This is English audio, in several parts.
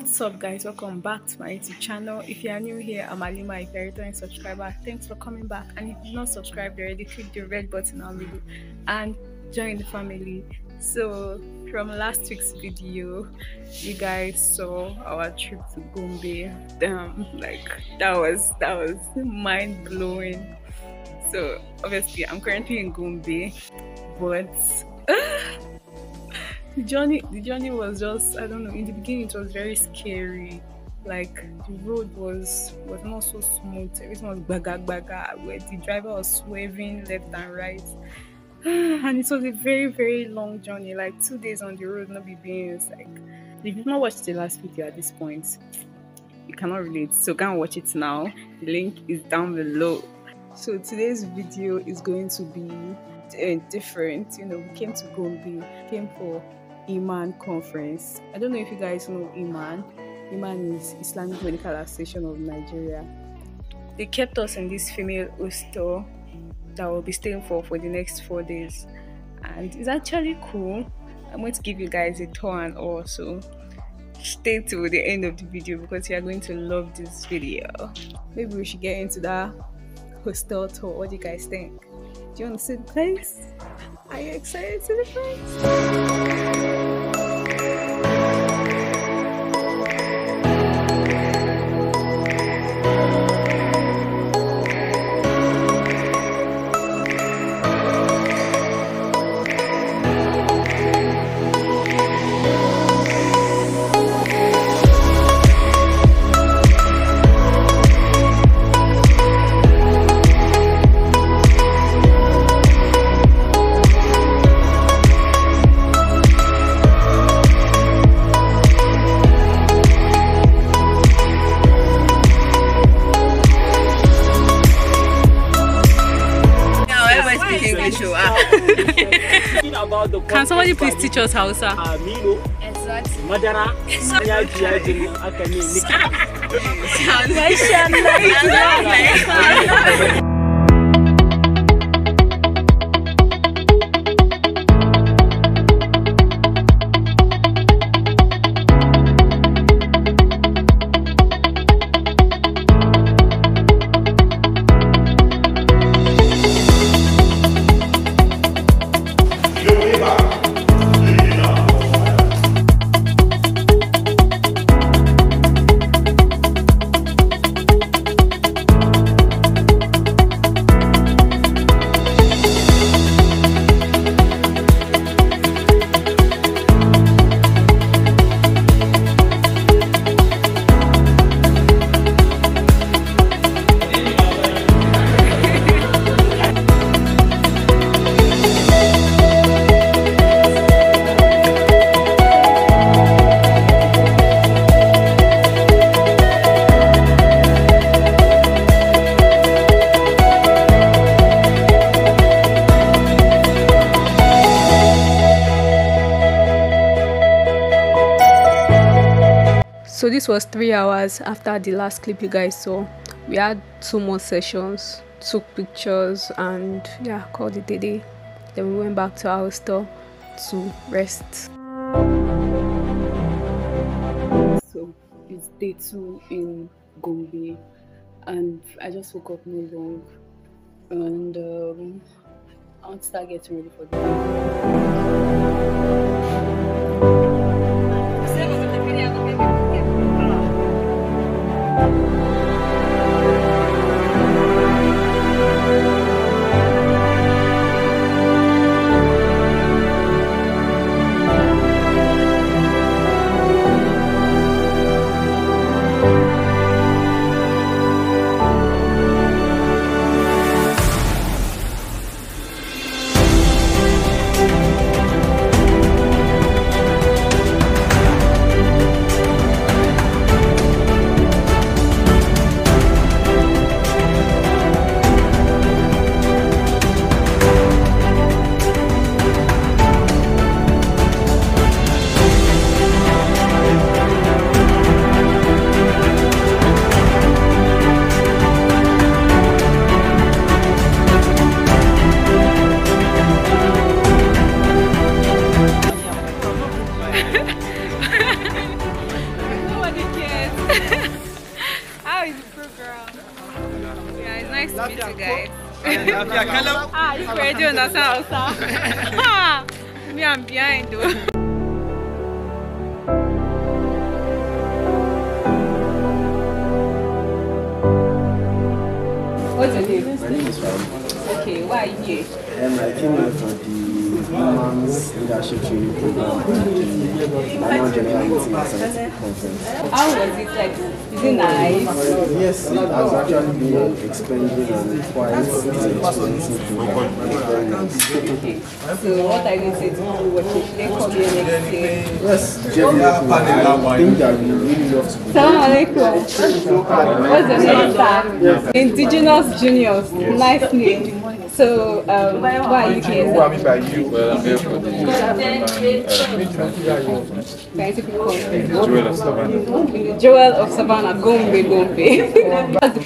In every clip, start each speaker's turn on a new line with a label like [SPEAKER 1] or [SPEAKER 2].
[SPEAKER 1] what's up guys welcome back to my youtube channel if you are new here i'm alima if you're a returning subscriber thanks for coming back and if you're not subscribed already click the red button on below and join the family so from last week's video you guys saw our trip to gombe Damn, um, like that was that was mind-blowing so obviously i'm currently in gombe but the journey the journey was just I don't know. In the beginning, it was very scary. Like the road was was not so smooth. Everything was baga baga. Where the driver was swerving left and right. And it was a very, very long journey, like two days on the road, Not be beans. Like, if you've not watched the last video at this point, you cannot relate. So go and watch it now. The link is down below. So today's video is going to be uh, different. You know, we came to Gombe, came for Iman conference. I don't know if you guys know Iman. Iman is Islamic Medical Association of Nigeria. They kept us in this female hostel that we'll be staying for for the next four days, and it's actually cool. I'm going to give you guys a tour and also stay till the end of the video because you are going to love this video. Maybe we should get into that hostel tour. What do you guys think? Do you want to see the place? Are you excited to the show? Pictures Hausa. Aminu. Madara. Yaji yaji ne aka ne Masha Allah. so this was three hours after the last clip you guys saw we had two more sessions took pictures and yeah called it a day then we went back to our store to rest so it's day two in gombe and i just woke up no long and um, i to start getting ready for the day you. doing Me, I'm behind though. What's your name? Okay, why are you here? Um, I came here for the Women's Leadership Training Program at the Annual General Meeting at Conference. How was it like? Is it nice? Yes, it has actually been expanded and quite extensive program. It's very nice. Okay. So what are you saying to watch it? They come here next year? Yes, Jerry, I think that we really love to be Assalamu alaikum. What's the name, sir? Indigenous Juniors. Nice name. So, um, why are you here? Who I mean by you? Well, I'm here for the uh, conference. Joel of Savannah. Joel of Savannah, Gombe, Gombe. how are the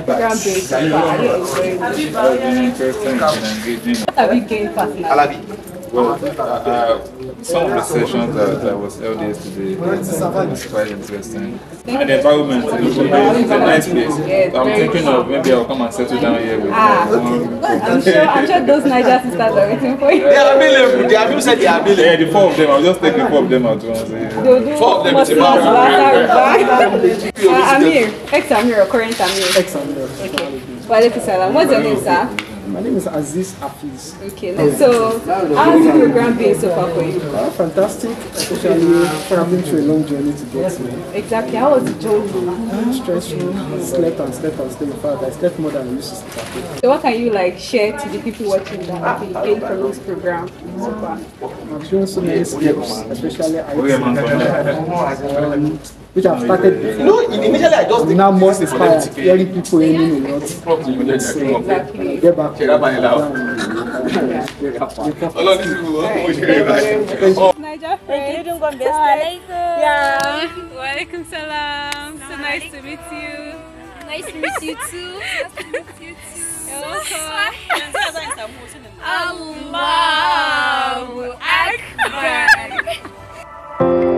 [SPEAKER 1] program Are you enjoying it? What have you gained personally? Well, uh, uh, some of the sessions that, that was held yesterday and it's quite interesting. And the environment is a nice place. I'm thinking of maybe I'll come and settle down here with ah, uh, I'm sure I'm sure those Niger sisters are waiting for you. Yeah, are available. They have you said they are Yeah, the four of them. I'll just take the four of them out once. Yeah. Four of them is about uh, Amir, ex-Amir, current Amir. Ex-Amir. Okay. What's your name, sir? My name is Aziz Afiz. Okay, oh, so how's the program been so far for you? Oh, fantastic, especially traveling through a long journey to get here. Exactly, how was the journey? Stressful, slept and slept and slept. In I slept more than I used to sleep. So what can you like share to the people watching that you gained from this program so far? I've shown so many skills, especially I. Oh, um, which have started before. No, initially I just now more inspired hearing people aiming a lot. Exactly. Get back. Niger friend. Yeah. Walaikum salam. So nice to meet you. Nice to meet you too. Nice to meet you too. Allahu Akbar.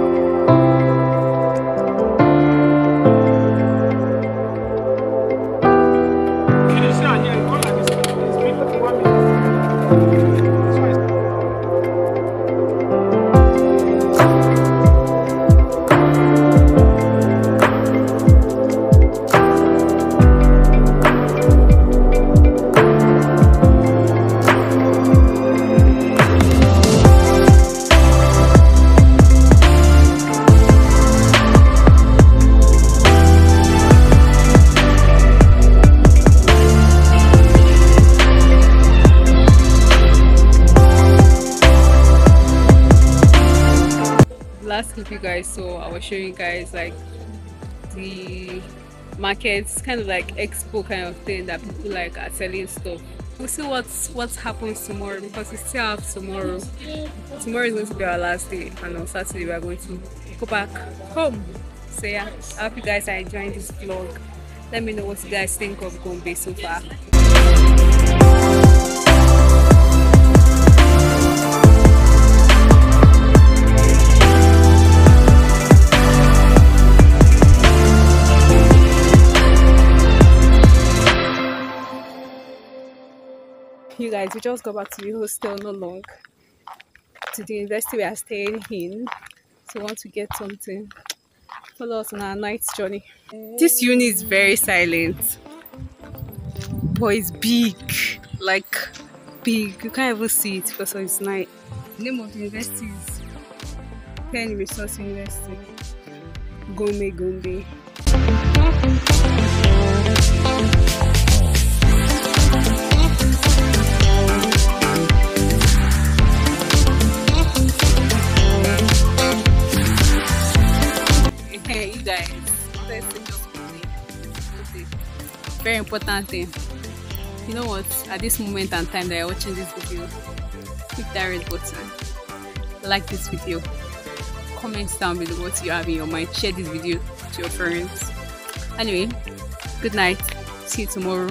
[SPEAKER 1] guys so i was showing you guys like the markets kind of like expo kind of thing that people like are selling stuff we'll see what's what happens tomorrow because we still have tomorrow tomorrow is going to be our last day and on saturday we are going to go back home so yeah i hope you guys are enjoying this vlog let me know what you guys think of gombe so far You guys, we just got back to the hostel not long to the university we are staying in. So want to get something, follow us on our night's journey. This uni is very silent, but it's big, like big. You can't even see it because it's night. The name of the university is Penn Resource University, Gombe Gome. hair, you guys. Very important thing. You know what? At this moment and time that you're watching this video, click that red button. Like this video. Comment down below what you have in your mind. Share this video to your friends. Anyway, good night. See you tomorrow.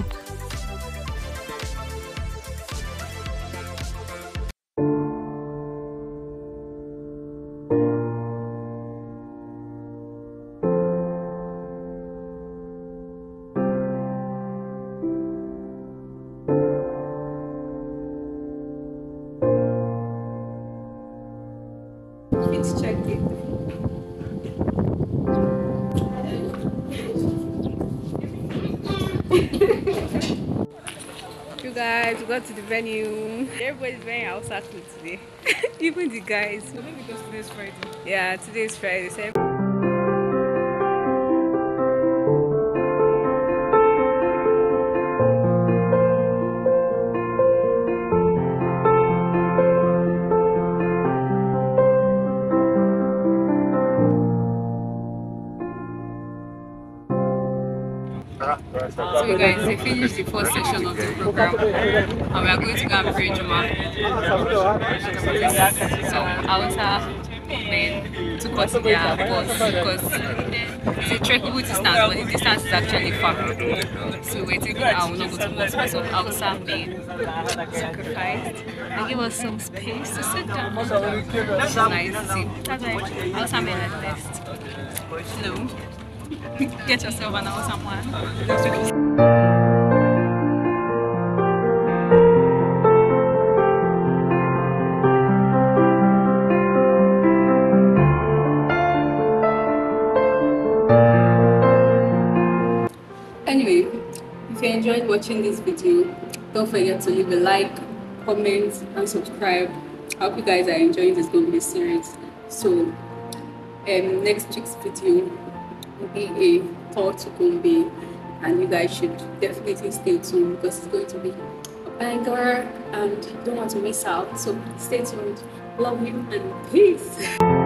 [SPEAKER 1] guys, we got to the venue. Everybody's wearing outside clothes today. Even the guys. Maybe because today's Friday. Yeah, today's Friday. So So you guys, we finished the first session of the program and we are going to go and pray Juma. So Awasa men took us in their bus because it's a trek distance but the distance is actually far. So we're taking our uh, not go to bus So, of Awasa men sacrificed. They gave us some space to sit down. It's nice to see. That's why Awasa men are the best. Get yourself an hour somewhere. Anyway, if you enjoyed watching this video, don't forget to leave a like, comment, and subscribe. I hope you guys are enjoying this Gombe series. So, um, next week's video be a tour to and you guys should definitely stay tuned because it's going to be a banger, and you don't want to miss out. So stay tuned. Love you and peace.